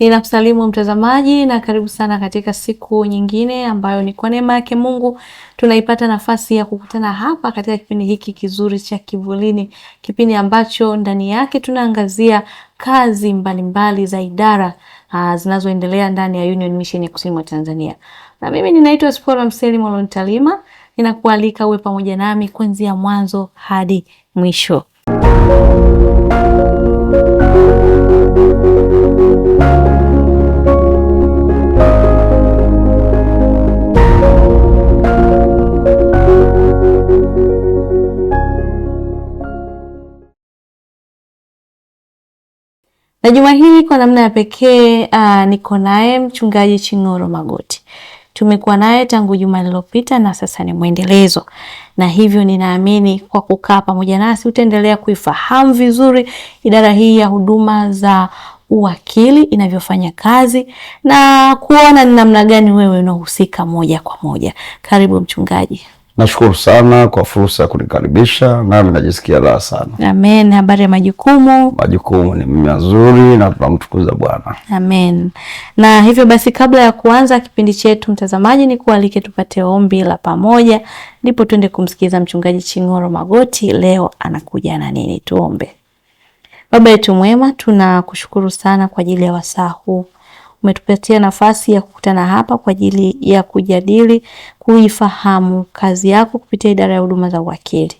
Ninakusalimu mtazamaji na karibu sana katika siku nyingine ambayo ni kwa neema yake Mungu tunaipata nafasi ya kukutana hapa katika kipindi hiki kizuri cha Kivulini, kipindi ambacho ndani yake tunaangazia kazi mbalimbali mbali za idara ah, zinazoendelea ndani ya Union Mission ya Kusini mwa Tanzania. Na mimi ninaitwa Spora Mseli Mwalontalima, ninakualika uwe pamoja nami kuanzia mwanzo hadi mwisho. Na juma hili kwa namna ya pekee uh, niko naye mchungaji Chingoro Magoti. Tumekuwa naye tangu juma lililopita na sasa ni mwendelezo, na hivyo ninaamini kwa kukaa pamoja nasi utaendelea kuifahamu vizuri idara hii ya huduma za uwakili inavyofanya kazi na kuona ni namna gani wewe unahusika moja kwa moja. Karibu mchungaji. Nashukuru sana kwa fursa ya kunikaribisha, nami najisikia raha sana. Amen. Habari ya majukumu? Majukumu ni mazuri na tunamtukuza Bwana. Amen. Na hivyo basi, kabla ya kuanza kipindi chetu, mtazamaji, ni kualike tupate ombi la pamoja, ndipo tuende kumsikiliza Mchungaji Ching'oro Magoti. Leo anakuja na nini? Tuombe. Baba yetu mwema, tunakushukuru sana kwa ajili ya wasaa huu umetupatia nafasi ya kukutana hapa kwa ajili ya kujadili kuifahamu kazi yako kupitia idara ya huduma za uwakili.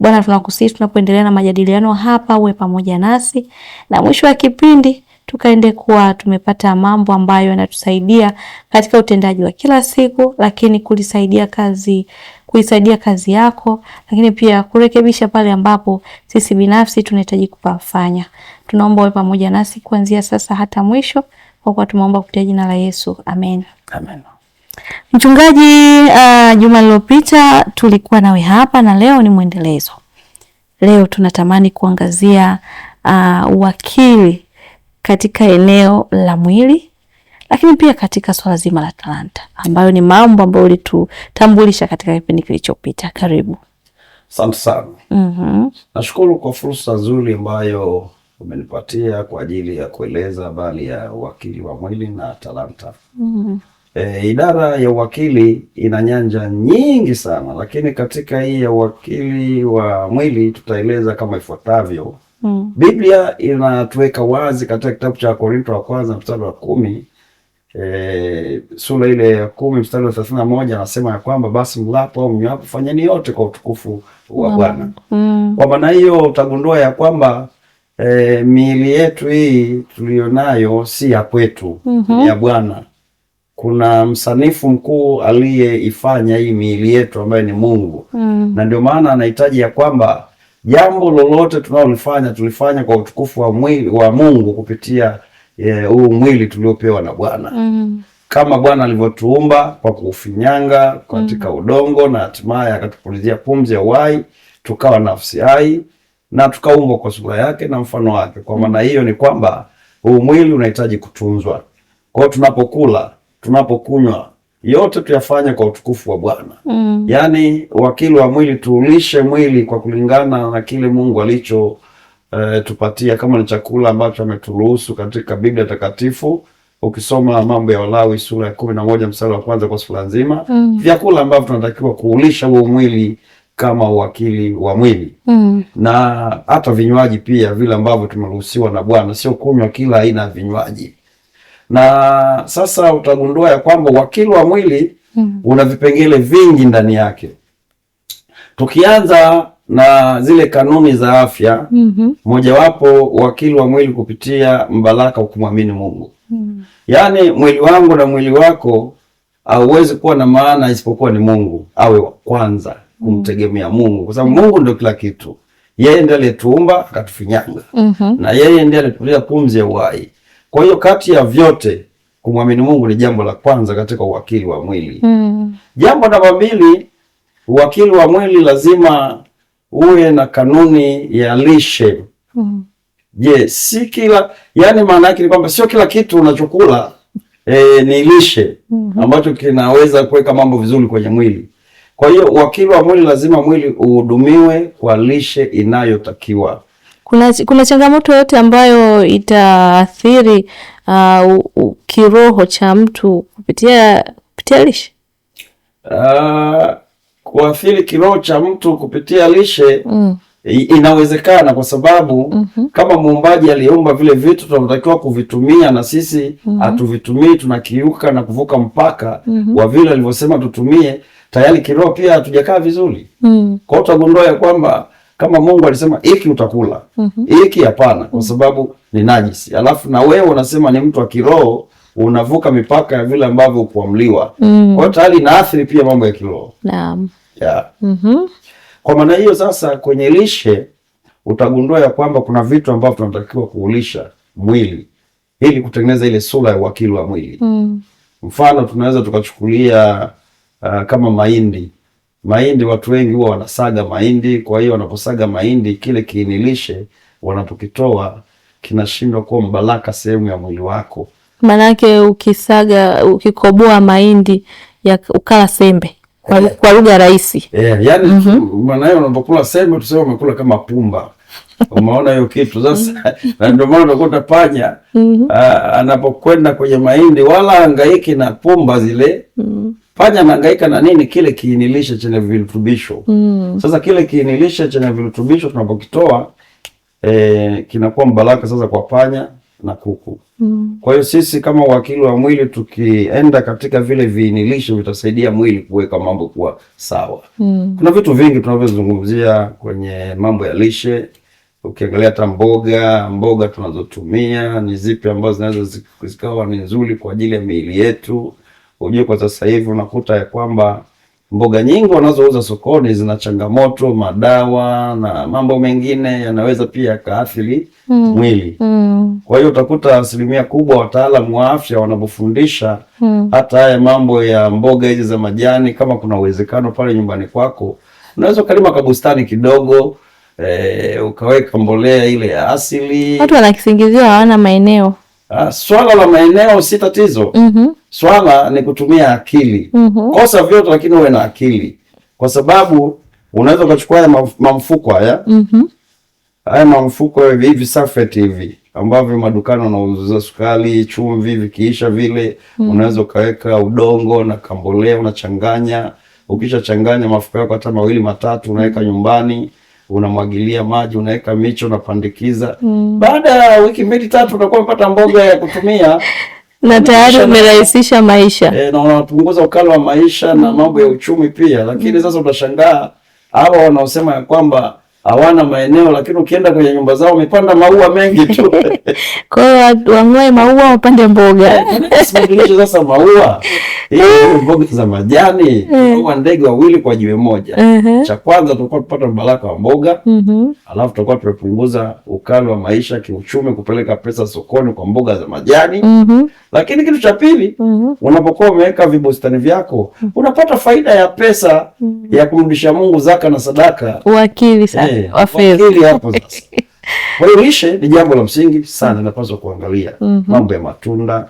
Bwana, tunakusihi tunapoendelea na majadiliano hapa uwe pamoja nasi na mwisho wa kipindi tukaende kuwa tumepata mambo ambayo yanatusaidia katika utendaji wa kila siku, lakini kulisaidia kazi kuisaidia kazi yako, lakini pia kurekebisha pale ambapo sisi binafsi tunahitaji kupafanya. Tunaomba uwe pamoja nasi kuanzia sasa hata mwisho. Kwa kuwa tumeomba kupitia jina la Yesu, amen, amen. Mchungaji uh, juma lilopita tulikuwa nawe hapa na leo ni mwendelezo. Leo tunatamani kuangazia uh, wakili katika eneo la mwili, lakini pia katika swala zima la talanta, ambayo ni mambo ambayo ulitutambulisha katika kipindi kilichopita. Karibu. Asante sana. mm -hmm. Nashukuru kwa fursa nzuri ambayo umenipatia kwa ajili ya kueleza habari ya uwakili wa mwili na talanta. mm -hmm. E, idara ya uwakili ina nyanja nyingi sana, lakini katika hii ya uwakili wa mwili tutaeleza kama ifuatavyo. mm -hmm. Biblia inatuweka wazi katika kitabu cha Korinto wa kwanza mstari wa kumi E, sura ile ya kumi mstari wa thelathini na moja anasema ya kwamba basi mlapo au mnywapo fanyeni yote kwa utukufu wa mm. Bwana. mm. Kwa maana hiyo utagundua ya kwamba e, miili yetu hii tuliyonayo si ya kwetu mm -hmm. ya Bwana. Kuna msanifu mkuu aliyeifanya hii miili yetu ambaye ni Mungu mm. na ndio maana anahitaji ya kwamba jambo lolote tunalofanya tulifanya kwa utukufu wa, mwili, wa Mungu kupitia eh, huu e, mwili tuliopewa na Bwana mm. kama Bwana alivyotuumba kwa kuufinyanga katika mm. udongo na hatimaye akatupulizia pumzi ya uhai tukawa nafsi hai na tukaumbwa kwa sura yake na mfano wake. Kwa maana hiyo ni kwamba huu mwili unahitaji kutunzwa. Kwa hiyo tunapokula, tunapokunywa yote tuyafanye kwa utukufu wa Bwana. Mm. Yaani wakili wa mwili tuulishe mwili kwa kulingana na kile Mungu alicho eh, tupatia kama ni chakula ambacho ameturuhusu katika Biblia takatifu. Ukisoma Mambo ya Walawi sura ya kumi na moja mstari wa kwanza kwa sura nzima, mm. vyakula ambavyo tunatakiwa kuulisha huo mwili kama uwakili wa mwili mm. na hata vinywaji pia vile ambavyo tumeruhusiwa na Bwana, sio kunywa kila aina ya vinywaji. Na sasa utagundua ya kwamba uwakili wa mwili mm. una vipengele vingi ndani yake, tukianza na zile kanuni za afya mm -hmm. mojawapo uwakili wa mwili kupitia mbaraka ukumwamini Mungu mm. yaani mwili wangu na mwili wako hauwezi kuwa na maana isipokuwa ni Mungu awe wa kwanza kumtegemea Mungu kwa sababu mm-hmm. Mungu ndio kila kitu. Yeye ndiye aliyetuumba akatufinyanga, mm -hmm. na yeye ndiye aliyetupatia pumzi ya uhai. Kwa hiyo kati ya vyote kumwamini Mungu ni jambo la kwanza katika uwakili wa mwili. mm -hmm. Jambo namba mbili, uwakili wa mwili lazima uwe na kanuni ya lishe. mm -hmm. Je, si kila yani, maana yake ni kwamba sio kila kitu unachokula e, ni lishe mm -hmm. ambacho kinaweza kuweka mambo vizuri kwenye mwili kwa hiyo wakili wa mwili lazima mwili uhudumiwe kwa lishe inayotakiwa. Kuna, kuna changamoto yote ambayo itaathiri uh, kiroho cha mtu kupitia kupitia lishe uh, kuathiri kiroho cha mtu kupitia lishe mm. Inawezekana kwa sababu mm -hmm. Kama muumbaji aliyeumba vile vitu tunatakiwa kuvitumia na sisi mm -hmm. Hatuvitumii, tunakiuka na kuvuka mpaka mm -hmm. wa vile alivyosema tutumie tayari kiroho pia hatujakaa vizuri mm. kwao hiyo utagundua ya kwamba kama Mungu alisema hiki utakula mm-hmm. hiki, mm -hmm. hapana, kwa sababu ni najisi, alafu na wewe unasema ni mtu wa kiroho unavuka mipaka ya vile ambavyo kuamliwa mm. kwao hiyo tayari inaathiri pia mambo ya kiroho naam, yeah. mm -hmm. Kwa maana hiyo sasa, kwenye lishe utagundua ya kwamba kuna vitu ambavyo tunatakiwa kuulisha mwili ili kutengeneza ile sura ya uwakili wa mwili mm. Mfano tunaweza tukachukulia uh, kama mahindi. Mahindi watu wengi huwa wanasaga mahindi, kwa hiyo wanaposaga mahindi kile kiinilishe wanapokitoa kinashindwa kuwa mbaraka sehemu ya mwili wako. Maanake ukisaga ukikoboa mahindi ya ukala sembe kwa, yeah. kwa lugha rahisi yeah. yani mm -hmm. maana hiyo unapokula sembe tuseme umekula kama pumba umeona hiyo kitu sasa. Mhm. na ndio maana unakuta panya mm -hmm. anapokwenda kwenye mahindi wala angaiki na pumba zile mm -hmm panya anahangaika na nini? Kile kiinilishe chenye virutubisho mm. Sasa kile kiinilishe chenye virutubisho tunapokitoa e, kinakuwa mbaraka sasa kwa panya na kuku mm. Kwa hiyo sisi kama wakili wa mwili tukienda katika vile viinilisho vitasaidia mwili kuweka mambo kuwa sawa mm. Kuna vitu vingi tunavyozungumzia kwenye mambo ya lishe Ukiangalia hata mboga mboga tunazotumia ni zipi ambazo zinaweza zikawa ni nzuri kwa ajili ya miili yetu. Ujue kwa sasa hivi unakuta ya kwamba mboga nyingi wanazouza sokoni zina changamoto, madawa na mambo mengine yanaweza pia yakaathiri mm. mwili mm. Kwa hiyo utakuta asilimia kubwa wataalamu wa afya wanapofundisha mm. hata haya mambo ya mboga hizi za majani, kama kuna uwezekano pale nyumbani kwako unaweza ukalima kabustani kidogo eh, ukaweka mbolea ile ya asili. Watu wanakisingiziwa hawana maeneo. Ah, swala la maeneo si tatizo mm -hmm swala ni kutumia akili mm -hmm. kosa vyote, lakini uwe na akili, kwa sababu unaweza ukachukua haya mamfuko haya mm -hmm. haya mamfuko hivi hivi safet hivi ambavyo madukani wanauza sukari, chumvi, vikiisha vile mm unaweza ukaweka udongo na kambolea, unachanganya. Ukishachanganya mafuko yako hata mawili matatu, unaweka nyumbani unamwagilia maji, unaweka micho, unapandikiza mm. Baada ya wiki mbili tatu, unakuwa umepata mboga ya kutumia na tayari umerahisisha maisha e, na unapunguza ukali wa maisha na mm. mambo ya uchumi pia. Lakini mm. sasa utashangaa hawa wanaosema ya kwamba hawana maeneo, lakini ukienda kwenye nyumba zao wamepanda maua mengi tu. Kwa hiyo wang'oe maua wapande mboga. Eh, eh, sasa maua Eh, eh. mboga za majani eh. tulikuwa ndege wawili kwa jiwe moja. Cha kwanza tutakuwa tupata mbaraka wa mboga, mhm. alafu tutakuwa tumepunguza ukali wa maisha kiuchumi, kupeleka pesa sokoni kwa mboga za majani. Mhm. Lakini kitu cha pili, mhm. unapokuwa umeweka vibustani vyako unapata faida ya pesa ya kumrudisha Mungu zaka na sadaka. Wakili sasa, wakili hapo sasa. Kwa hiyo lishe ni jambo la msingi sana, napaswa kuangalia mambo ya matunda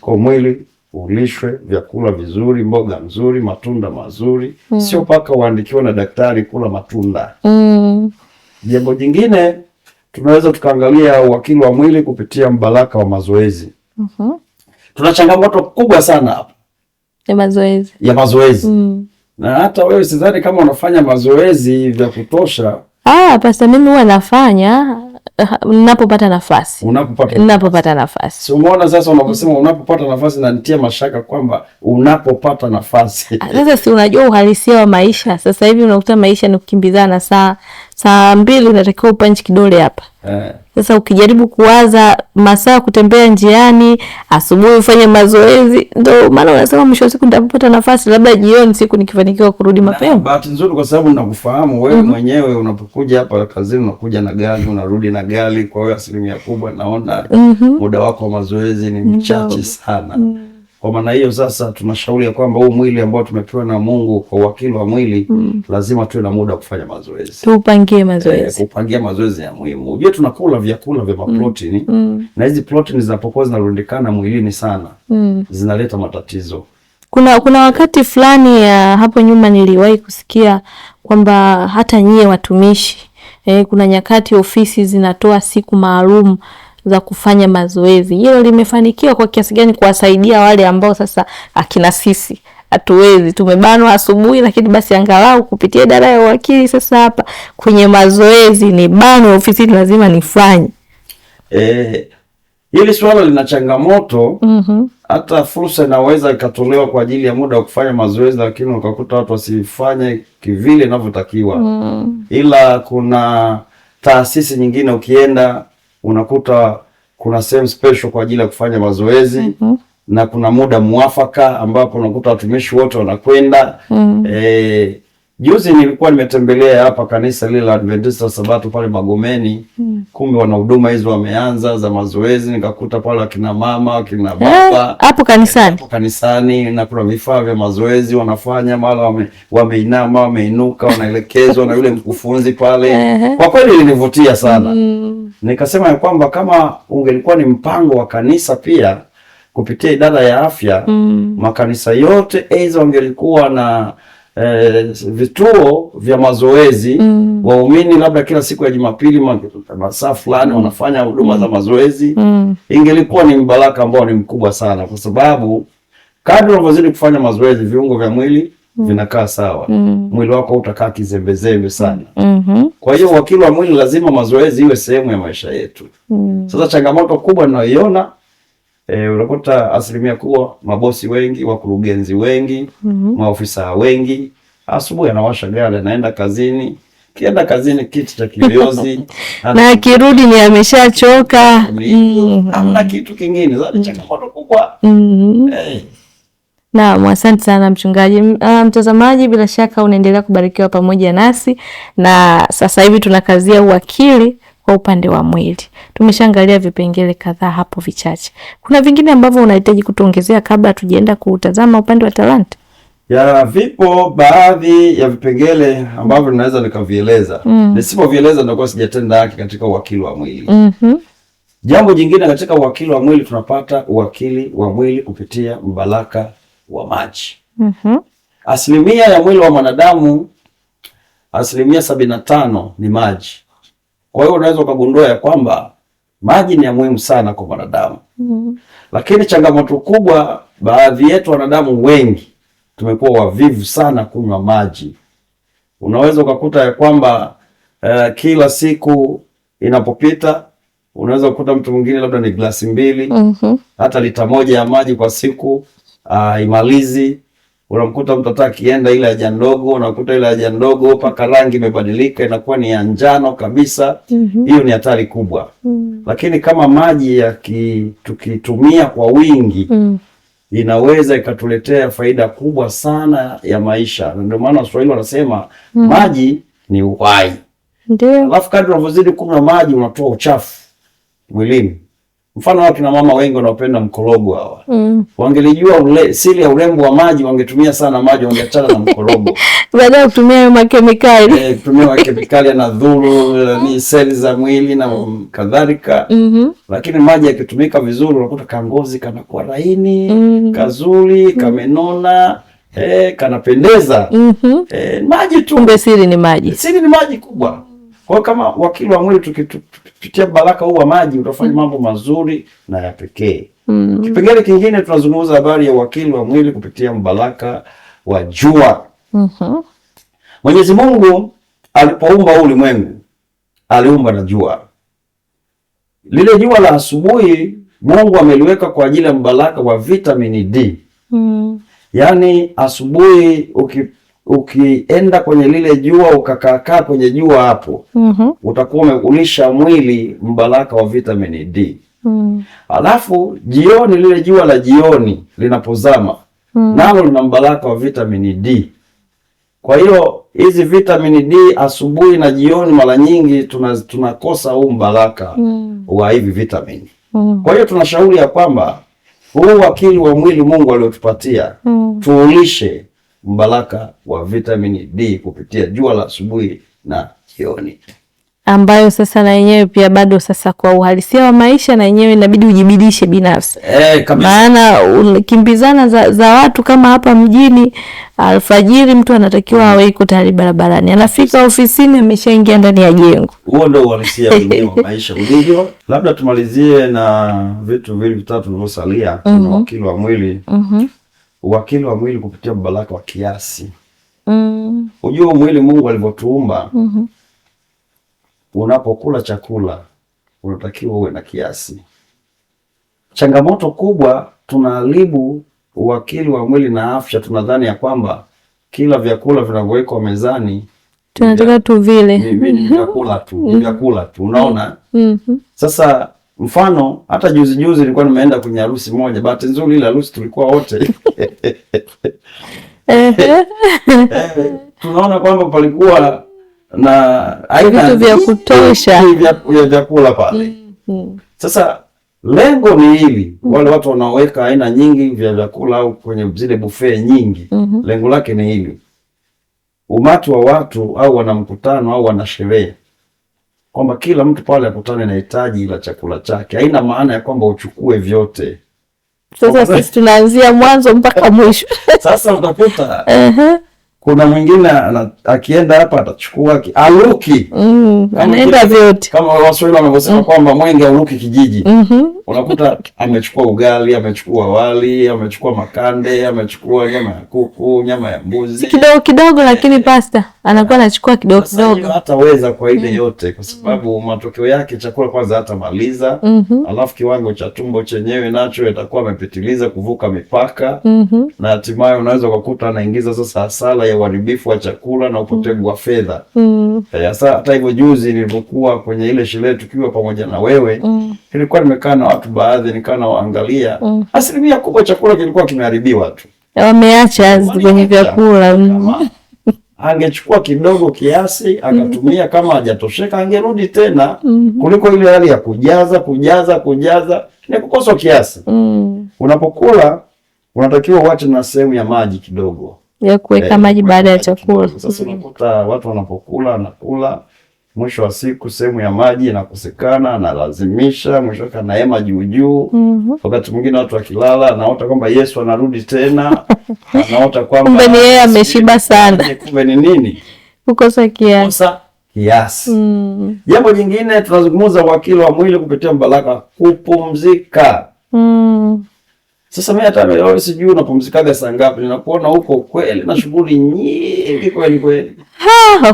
kwa mwili ulishwe vyakula vizuri, mboga nzuri, matunda mazuri mm. Sio mpaka uandikiwe na daktari kula matunda mm. Jambo jingine tunaweza tukaangalia uwakili wa mwili kupitia mbaraka wa mazoezi mm -hmm. Tuna changamoto kubwa sana hapa ya mazoezi, ya mazoezi. Mm. Na hata wewe sidhani kama unafanya mazoezi vya kutosha. Ah, pasta, mimi huwa nafanya Uh, unapopata nafasi, unapopata nafasi. Si umeona sasa, unaposema unapopata nafasi, nanitia mashaka kwamba unapopata nafasi ah, sasa, si unajua uhalisia wa maisha sasa hivi, unakuta maisha ni kukimbizana. Saa saa mbili unatakiwa upanchi kidole hapa eh. Sasa ukijaribu kuwaza masaa ya kutembea njiani, asubuhi ufanye mazoezi, ndo maana unasema mwisho wa siku nitapata nafasi labda jioni, siku nikifanikiwa kurudi mapema. Bahati nzuri kwa sababu nakufahamu wewe mm -hmm. mwenyewe unapokuja hapa kazini unakuja na gari unarudi na gari, kwa hiyo asilimia kubwa naona mm -hmm. muda wako wa mazoezi ni mchache sana mm -hmm. Kwa maana hiyo sasa tunashauri ya kwamba huu mwili ambao tumepewa na Mungu kwa uwakili wa mwili mm. lazima tuwe na muda wa kufanya mazoezi. Tuupangie eh, mazoezi. Kupangia mazoezi ya muhimu. Unajua tunakula vyakula vya maprotini mm. mm. na hizi protini zinapokuwa zinarundikana mwilini sana mm. zinaleta matatizo. Kuna kuna wakati fulani ya hapo nyuma niliwahi kusikia kwamba hata nyie watumishi eh, kuna nyakati ofisi zinatoa siku maalum za kufanya mazoezi. Hilo limefanikiwa kwa kiasi gani kuwasaidia wale ambao sasa akina sisi hatuwezi, tumebanwa asubuhi, lakini basi angalau kupitia idara ya uwakili sasa hapa kwenye mazoezi ni bano ofisini, lazima nifanye. Eh, hili swala lina changamoto mm -hmm. Hata fursa inaweza ikatolewa kwa ajili ya muda wa kufanya mazoezi, lakini ukakuta watu wasifanye kivile inavyotakiwa mm. Ila kuna taasisi nyingine ukienda unakuta kuna sehemu special kwa ajili ya kufanya mazoezi mm -hmm. na kuna muda mwafaka ambapo unakuta watumishi wote wanakwenda mm -hmm. eh, Juzi nilikuwa nimetembelea hapa kanisa lile la Adventista Sabato pale Magomeni mm. Kumbe wana huduma hizo wameanza za mazoezi, nikakuta pale akina mama akina eh, baba hapo kanisani, hapo kanisani na kuna vifaa vya mazoezi wanafanya, mara wame, wameinama wameinuka, wanaelekezwa na yule mkufunzi pale. Kwa kweli ilinivutia sana mm. Nikasema ya kwamba kama ungelikuwa ni mpango wa kanisa pia kupitia idara ya afya mm. makanisa yote aidha wangelikuwa na eh, vituo vya mazoezi mm. Waumini labda kila siku ya Jumapili masaa fulani wanafanya huduma mm. za mazoezi mm. Ingelikuwa ni mbaraka ambao ni mkubwa sana, kwa sababu kadri unavyozidi kufanya mazoezi viungo vya mwili mm. vinakaa sawa mm. mwili wako utakaa kizembezembe sana mm -hmm. Kwa hiyo wakili wa mwili lazima mazoezi iwe sehemu ya maisha yetu mm. Sasa changamoto kubwa ninayoiona E, unakuta asilimia kubwa mabosi wengi, wakurugenzi wengi, mm -hmm. maofisa wengi, asubuhi anawasha gari anaenda kazini, kienda kazini kiti cha kiyoyozi na akirudi ni ameshachoka, mm, hamna mm. kitu kingine. Mm. Changamoto kubwa. Mm-hmm. Eh. Naam, asante sana mchungaji. Ah, mtazamaji, bila shaka unaendelea kubarikiwa pamoja nasi, na sasa hivi tunakazia uwakili kwa upande wa mwili. Tumeshaangalia vipengele kadhaa hapo vichache. Kuna vingine ambavyo unahitaji kutuongezea kabla tujaenda kuutazama upande wa talanta? Ya, vipo baadhi ya vipengele ambavyo ninaweza nikavieleza. Mm. Nisipovieleza kwa sijatenda haki katika uwakili wa mwili. Mm -hmm. Jambo jingine katika uwakili wa mwili tunapata uwakili wa mwili kupitia mbaraka wa maji. Mm -hmm. Asilimia ya mwili wa mwanadamu asilimia sabini na tano ni maji. Kwa hiyo unaweza ukagundua ya kwamba maji ni ya muhimu sana kwa mwanadamu mm. Mm-hmm. Lakini changamoto kubwa, baadhi yetu wanadamu wengi tumekuwa wavivu sana kunywa maji. Unaweza ukakuta ya kwamba uh, kila siku inapopita unaweza kukuta mtu mwingine labda ni glasi mbili mm -hmm. hata lita moja ya maji kwa siku ah, imalizi Uh, unamkuta mtoto akienda ile haja ndogo, unakuta ile haja ndogo paka rangi imebadilika inakuwa ni ya njano kabisa. Mhm. Hiyo mm -hmm. ni hatari kubwa mm -hmm. Lakini kama maji tukitumia kwa wingi mm -hmm. inaweza ikatuletea faida kubwa sana ya maisha, na ndio maana Waswahili wanasema mm -hmm. maji ni uhai. Ndio, alafu kadri unavyozidi kunywa maji unatoa uchafu mwilini Mfano hapa na mama wengi wanaopenda mkorogo hawa. Mm. Wangelijua ule, siri ya urembo wa maji wangetumia sana maji wangeachana na mkorogo. Badala kutumia makemikali. Eh, kutumia makemikali na dhuru eh, ni seli za mwili na kadhalika. Mm -hmm. Lakini maji yakitumika vizuri unakuta kangozi kanakuwa laini, mm -hmm. kazuri, mm-hmm. kamenona, eh, kanapendeza. Mm -hmm. Eh, maji tu. Kumbe siri ni maji. Siri ni maji kubwa. Kwa hiyo kama wakili wa mwili tukipitia baraka huu wa maji utafanya mm. mambo mazuri na ya pekee. Mm. Kipengele kingine tunazungumza habari ya wakili wa mwili kupitia mbaraka wa jua. Mm -hmm. Mwenyezi Mungu alipoumba ulimwengu aliumba na jua. Lile jua la asubuhi Mungu ameliweka kwa ajili ya mbaraka wa vitamini D. Mm. Yaani asubuhi ukip ukienda kwenye lile jua ukakaakaa kwenye jua hapo mm -hmm. utakuwa umeulisha mwili mbaraka wa vitamini D mm. Alafu jioni lile jua la jioni linapozama mm. nalo lina mbaraka wa vitamini D. Kwa hiyo hizi vitamini D asubuhi na jioni mara nyingi tunakosa tuna huu mbaraka mm. wa hivi vitamini mm. Kwa hiyo tunashauri ya kwamba huu wakili wa mwili Mungu aliotupatia mm. tuulishe mbaraka wa vitamini D kupitia jua la asubuhi na jioni, ambayo sasa na yenyewe pia bado sasa kwa uhalisia wa maisha na yenyewe inabidi ujibidishe binafsi e, maana kimbizana za, za watu kama hapa mjini alfajiri, mtu anatakiwa awe iko tayari barabarani, anafika ofisini ameshaingia ndani ya jengo. Huo ndio uhalisia wa maisha ulivyo. Labda tumalizie na vitu vili vitatu vilivyosalia. Kuna mhm. wakili wa mwili mm -hmm uwakili wa mwili kupitia lako wa kiasi. Mm. Ujua mwili Mungu alivyotuumba. mm -hmm. Unapokula chakula unatakiwa uwe na kiasi. Changamoto kubwa, tunaharibu uwakili wa mwili na afya. Tunadhani ya kwamba kila vyakula vinavyowekwa mezani tunataka tu vile vyakula tu, mm-hmm. vyakula tu, unaona. mm -hmm. Sasa Mfano hata juzi juzi nilikuwa nimeenda kwenye harusi moja, bahati nzuri ile harusi tulikuwa wote eh, tunaona kwamba palikuwa na aina vitu vya kutosha vya vyakula pale. Mm-hmm. Sasa lengo ni hili, wale watu wanaoweka aina nyingi vya vyakula au kwenye zile buffet nyingi, mm-hmm. lengo lake ni hili, umati wa watu au wana mkutano au wana sherehe kwamba kila mtu pale akutane na hitaji la chakula chake. Haina maana ya kwamba uchukue vyote. Sasa sisi tunaanzia mwanzo mpaka mwisho. Sasa utakuta Kuna mwingine akienda hapa atachukua aluki, mm, anaenda vyote, kama Waswahili wanavyosema mm. kwamba mwenge auluki kijiji. mm -hmm unakuta amechukua ugali, amechukua wali, amechukua makande, amechukua nyama ya kuku, nyama ya mbuzi kidogo kidogo, lakini eh. pasta anakuwa anachukua kidogo kidogo, hataweza kwa ile mm. yote, kwa sababu mm. matokeo yake chakula kwanza hatamaliza mm -hmm. alafu kiwango cha tumbo chenyewe nacho itakuwa amepitiliza kuvuka mipaka mm -hmm. na hatimaye unaweza ukakuta anaingiza sasa hasara ya uharibifu wa chakula na upotevu wa fedha mm -hmm. hata hivyo, juzi nilipokuwa kwenye ile sherehe tukiwa pamoja na wewe mm -hmm. nimekaa na watu baadhi, nikawa nawaangalia mm. asilimia kubwa chakula kilikuwa kimeharibiwa tu, wameacha kwenye vyakula. Angechukua kidogo kiasi akatumia mm. kama hajatosheka angerudi tena mm -hmm. kuliko ile hali ya kujaza kujaza kujaza, ni kukosa kiasi mm. unapokula unatakiwa uache na sehemu ya maji kidogo ya kuweka eh, maji baada ya chakula. Sasa mm. unakuta watu wanapokula wanakula mwisho wa siku sehemu ya maji inakosekana, analazimisha mwisho wake anaema juu juu. mm -hmm. Wakati mwingine watu wakilala, anaota kwamba Yesu anarudi tena, anaota kwamba kumbe ni yeye ameshiba sana, kumbe ni nini? Kukosa kiasi, kiasi. mm. Jambo jingine tunazungumza, wakili wa mwili kupitia mbaraka, kupumzika. mm. Sasa mimi hata wewe sijui unapumzikaga saa ngapi, ninakuona huko kweli na shughuli nyingi kweli kweli.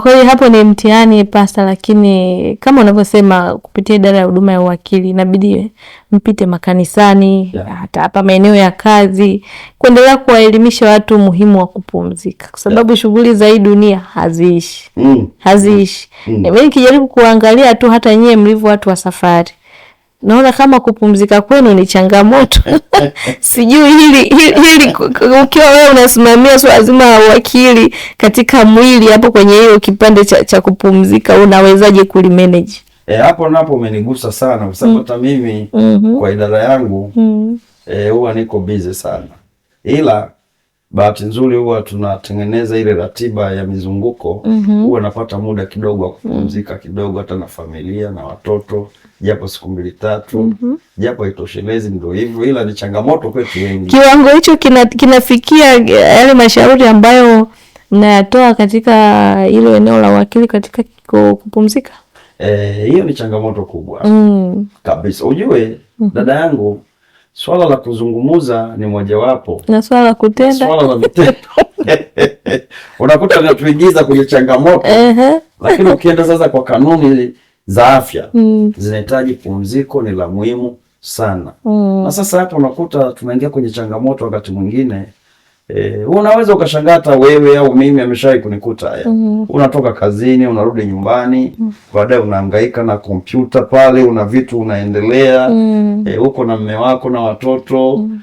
kwa hiyo hapo ni mtihani pasta, lakini kama unavyosema kupitia idara ya huduma ya uwakili inabidi mpite makanisani, yeah. hata hapa maeneo ya kazi kuendelea kuwaelimisha watu muhimu wa kupumzika, kwa sababu yeah. shughuli za hii dunia haziishi mm. haziishi mm. Mimi nikijaribu kuangalia tu hata nyie mlivyo watu wa safari naona kama kupumzika kwenu ni changamoto sijui hili, hili, hili ukiwa wewe unasimamia swala zima la uwakili katika mwili hapo kwenye hiyo kipande cha, cha kupumzika unawezaje kulimanage? E, hapo napo umenigusa sana kwa sababu mm. hata mm. mimi mm -hmm. kwa idara yangu mm. e, huwa niko busy sana, ila bahati nzuri huwa tunatengeneza ile ratiba ya mizunguko mm huwa -hmm. napata muda kidogo wa kupumzika mm. kidogo hata na familia na watoto japo siku mbili tatu mm -hmm. japo haitoshelezi, ndio hivyo, ila ni changamoto kwetu wengi. Kiwango hicho kina, kinafikia eh, yale mashauri ambayo mnayatoa katika hilo eneo la uwakili katika kupumzika. Eh, hiyo ni changamoto kubwa mm. kabisa. Ujue mm -hmm. dada yangu, swala la kuzungumuza ni mojawapo na swala la kutenda, swala la vitendo unakuta natuingiza kwenye changamoto uh -huh. lakini ukienda sasa kwa kanuni za afya mm. zinahitaji pumziko, ni la muhimu sana mm. na sasa hapa unakuta tunaingia kwenye changamoto wakati mwingine eh, unaweza ukashangaa hata wewe au mimi ameshawahi kunikuta haya. Eh. mm -hmm. Unatoka kazini unarudi nyumbani mm Baadaye unahangaika na kompyuta pale, una vitu unaendelea mm eh, uko na mme wako na watoto mm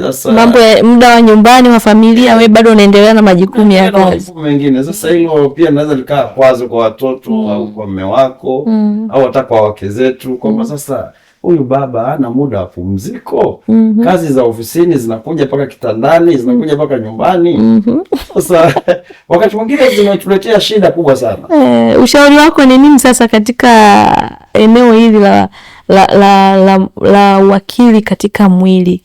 sasa mambo ya muda wa nyumbani wa familia, wewe bado unaendelea na majukumu yako majukumu mengine. Sasa hilo pia naweza likaa kwazo kwa watoto mm. au kwa mume wako mm. au hata kwa wake zetu kwamba mm. sasa huyu baba hana muda wa pumziko mm -hmm. kazi za ofisini zinakuja mpaka kitandani zinakuja mm. mpaka nyumbani mm -hmm. Sasa wakati mwingine zinatuletea shida kubwa sana. Eh, ushauri wako ni nini sasa katika eneo hili la la la, la, la, la wakili katika mwili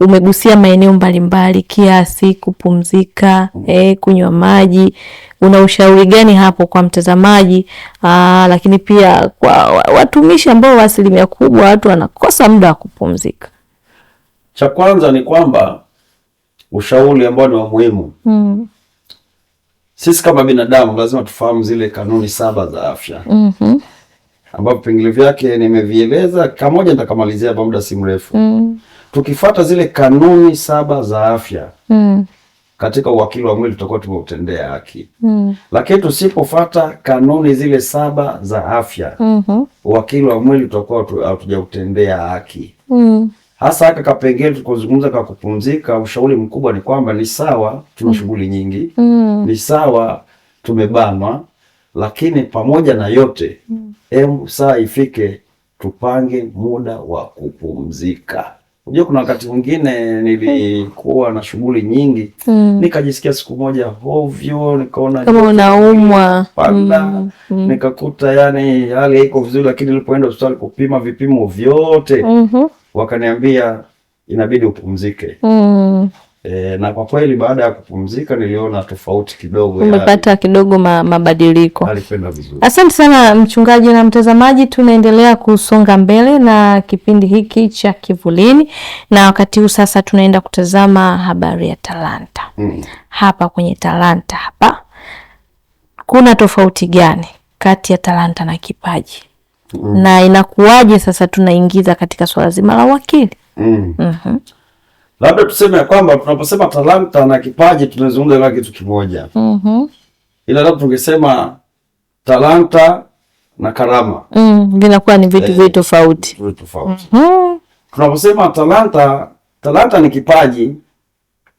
umegusia maeneo mbalimbali, kiasi, kupumzika, mm. eh, kunywa maji. Una ushauri gani hapo kwa mtazamaji? Aa, ah, lakini pia kwa watumishi ambao asilimia kubwa watu wanakosa muda wa kupumzika. Cha kwanza ni kwamba ushauri ambao ni wa muhimu mm. Sisi kama binadamu lazima tufahamu zile kanuni saba za afya mm -hmm. ambapo vipengele vyake nimevieleza, kamoja nitakamalizia kwa muda si mrefu mm tukifuata zile kanuni saba za afya mm. katika uwakili wa mwili tutakuwa tumeutendea haki mm. lakini tusipofuata kanuni zile saba za afya mm -hmm. uwakili wa mwili tutakuwa hatujautendea haki mm hasa haka kapengele tukozungumza ka kupumzika, ushauri mkubwa ni kwamba ni sawa tuna mm. shughuli nyingi mm. ni sawa tumebanwa, lakini pamoja na yote mm. hebu saa ifike tupange muda wa kupumzika. Unajua kuna wakati mwingine nilikuwa na shughuli nyingi mm. nikajisikia siku moja hovyo, nikaona kama unaumwa mm. mm. nikakuta yani hali haiko vizuri, lakini nilipoenda hospitali kupima vipimo vyote mm -hmm. wakaniambia inabidi upumzike mm. E, na kwa kweli baada ya kupumzika niliona tofauti kidogo, umepata kidogo ma, mabadiliko. Alikwenda vizuri. Asante sana mchungaji na mtazamaji, tunaendelea kusonga mbele na kipindi hiki cha Kivulini, na wakati huu sasa tunaenda kutazama habari ya talanta mm. Hapa kwenye talanta hapa kuna tofauti gani kati ya talanta na kipaji mm. na inakuwaje sasa tunaingiza katika swala zima la uwakili mm. mm -hmm. Mhm labda tuseme kwamba tunaposema talanta na kipaji tunazungumza na kitu kimoja Mhm. ila labda tungesema talanta na karama Mhm, vinakuwa ni vitu eh, vitu tofauti tofauti. mm Tunaposema talanta, talanta ni kipaji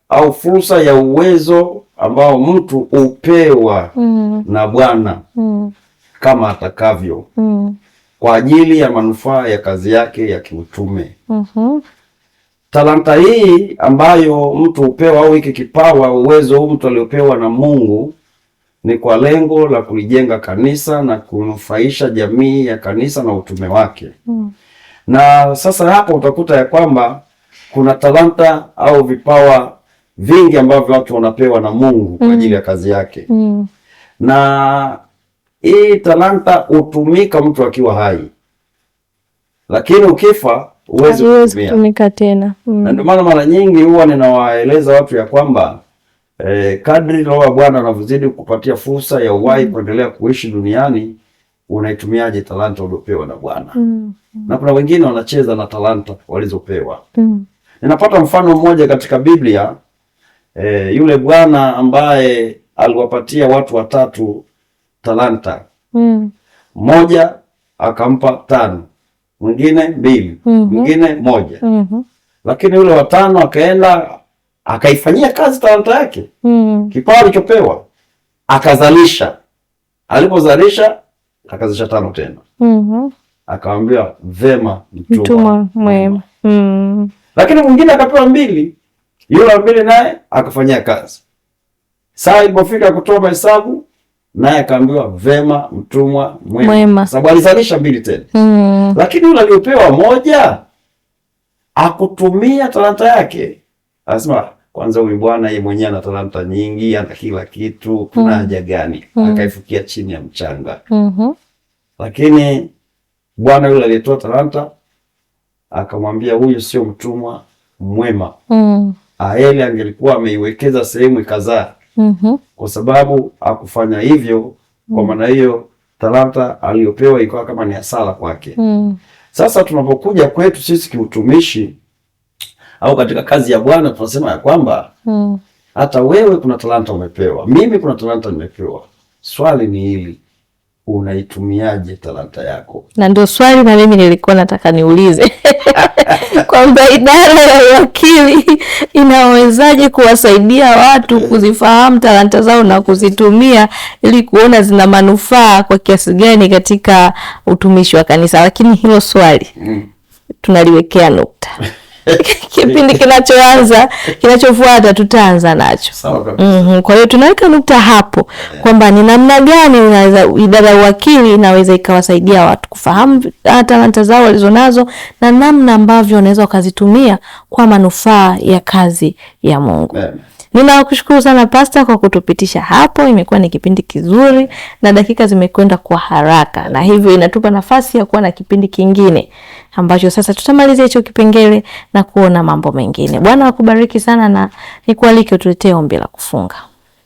au fursa ya uwezo ambao mtu upewa mm -hmm. na Bwana mm -hmm. kama atakavyo mm kwa ajili ya manufaa ya kazi yake ya kiutume mm -hmm. Talanta hii ambayo mtu hupewa au hiki kipawa, uwezo huu mtu aliopewa na Mungu ni kwa lengo la kulijenga kanisa na kunufaisha jamii ya kanisa na utume wake mm. Na sasa hapa utakuta ya kwamba kuna talanta au vipawa vingi ambavyo watu wanapewa na Mungu kwa hmm. ajili ya kazi yake mm. na hii talanta hutumika mtu akiwa hai, lakini ukifa huwezi kutumika tena mm. Na ndio maana mara nyingi huwa ninawaeleza watu ya kwamba eh, kadri roho ya Bwana anavyozidi kupatia fursa ya uhai mm. kuendelea kuishi duniani unaitumiaje talanta uliopewa na Bwana mm. na kuna wengine wanacheza na talanta walizopewa mm. Ninapata mfano mmoja katika Biblia eh, yule bwana ambaye aliwapatia watu watatu talanta mm. moja akampa tano mwingine mbili, mhm. mwingine mm -hmm. moja mm -hmm. lakini yule watano akaenda akaifanyia kazi talanta yake mm -hmm. kipawa alichopewa akazalisha, alipozalisha akazalisha tano tena mm -hmm. akamwambia vema, mtuma mwema mm -hmm. lakini mwingine akapewa mbili, yule wa mbili naye akafanyia kazi. Saa ilipofika kutoa mahesabu naye akaambiwa vema, mtumwa mwema, sababu alizalisha mbili tena mm. Lakini yule aliyopewa moja akutumia talanta yake, anasema kwanza, huyu bwana yeye mwenyewe ana talanta nyingi, ana kila kitu, kuna mm. haja mm. gani? mm. Akaifukia chini ya mchanga mm -hmm. Lakini bwana yule aliyetoa talanta akamwambia, huyu sio mtumwa mwema mm. Aeli angelikuwa ameiwekeza sehemu ikazaa mm -hmm. kwa sababu akufanya hivyo mm -hmm. kwa maana hiyo talanta aliyopewa ikawa kama ni hasara kwake mm -hmm. Sasa tunapokuja kwetu sisi kiutumishi au katika kazi ya Bwana tunasema ya kwamba mm. hata wewe kuna talanta umepewa, mimi kuna talanta nimepewa. Swali ni hili, unaitumiaje talanta yako? Na ndio swali na mimi nilikuwa nataka niulize kwamba idara ya uwakili inawezaje kuwasaidia watu kuzifahamu talanta zao na kuzitumia ili kuona zina manufaa kwa kiasi gani katika utumishi wa kanisa. Lakini hilo swali mm. tunaliwekea nukta. kipindi kinachoanza kinachofuata tutaanza nacho. mm -hmm. Kwa hiyo tunaweka nukta hapo kwamba ni namna gani unaweza idara ya uwakili inaweza ikawasaidia watu kufahamu talanta zao walizonazo na namna ambavyo wanaweza wakazitumia kwa manufaa ya kazi ya Mungu. yeah. Ninakushukuru sana Pasta kwa kutupitisha hapo. Imekuwa ni kipindi kizuri na dakika zimekwenda kwa haraka, na hivyo inatupa nafasi ya kuwa na kipindi kingine ambacho sasa tutamalizia hicho kipengele na kuona mambo mengine. Bwana akubariki sana na nikualike utuletee ombi la kufunga.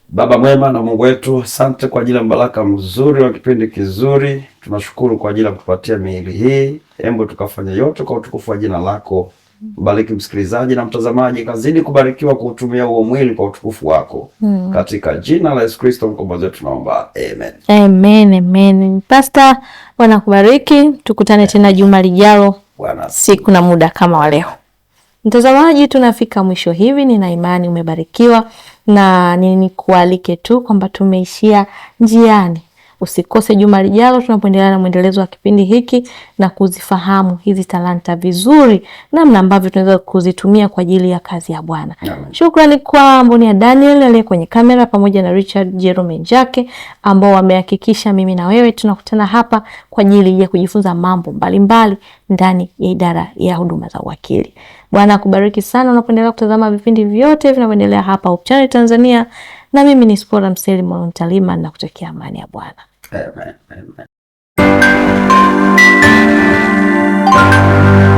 Baba mwema na Mungu wetu, asante kwa ajili ya mbaraka mzuri wa kipindi kizuri. Tunashukuru kwa ajili ya kupatia miili hii. Hebu tukafanya yote kwa utukufu wa jina lako. Mbariki msikilizaji na mtazamaji, kazidi kubarikiwa kuutumia huo mwili kwa utukufu wako hmm. Katika jina la Yesu Kristo mkombozi wetu tunaomba amen. Amen, amen. Pasta, Bwana kubariki, tukutane tena juma lijalo siku na muda kama wa leo. Mtazamaji, tunafika mwisho hivi, nina imani umebarikiwa, na nini kualike tu kwamba tumeishia njiani Usikose juma lijalo tunapoendelea na mwendelezo wa kipindi hiki na kuzifahamu hizi talanta vizuri, namna ambavyo tunaweza kuzitumia kwa ajili ya kazi ya Bwana. Shukrani kwa Amboni ya Daniel aliye kwenye kamera pamoja na Richard Jerome Njake ambao wamehakikisha mimi na wewe tunakutana hapa kwa ajili ya kujifunza mambo mbalimbali ndani ya idara ya huduma za uwakili. Bwana akubariki sana unapoendelea kutazama vipindi vyote vinavyoendelea hapa Hope Channel Tanzania, na mimi ni Spora Mseli Mwalontalima na kutokea amani ya Bwana. phải phải phải,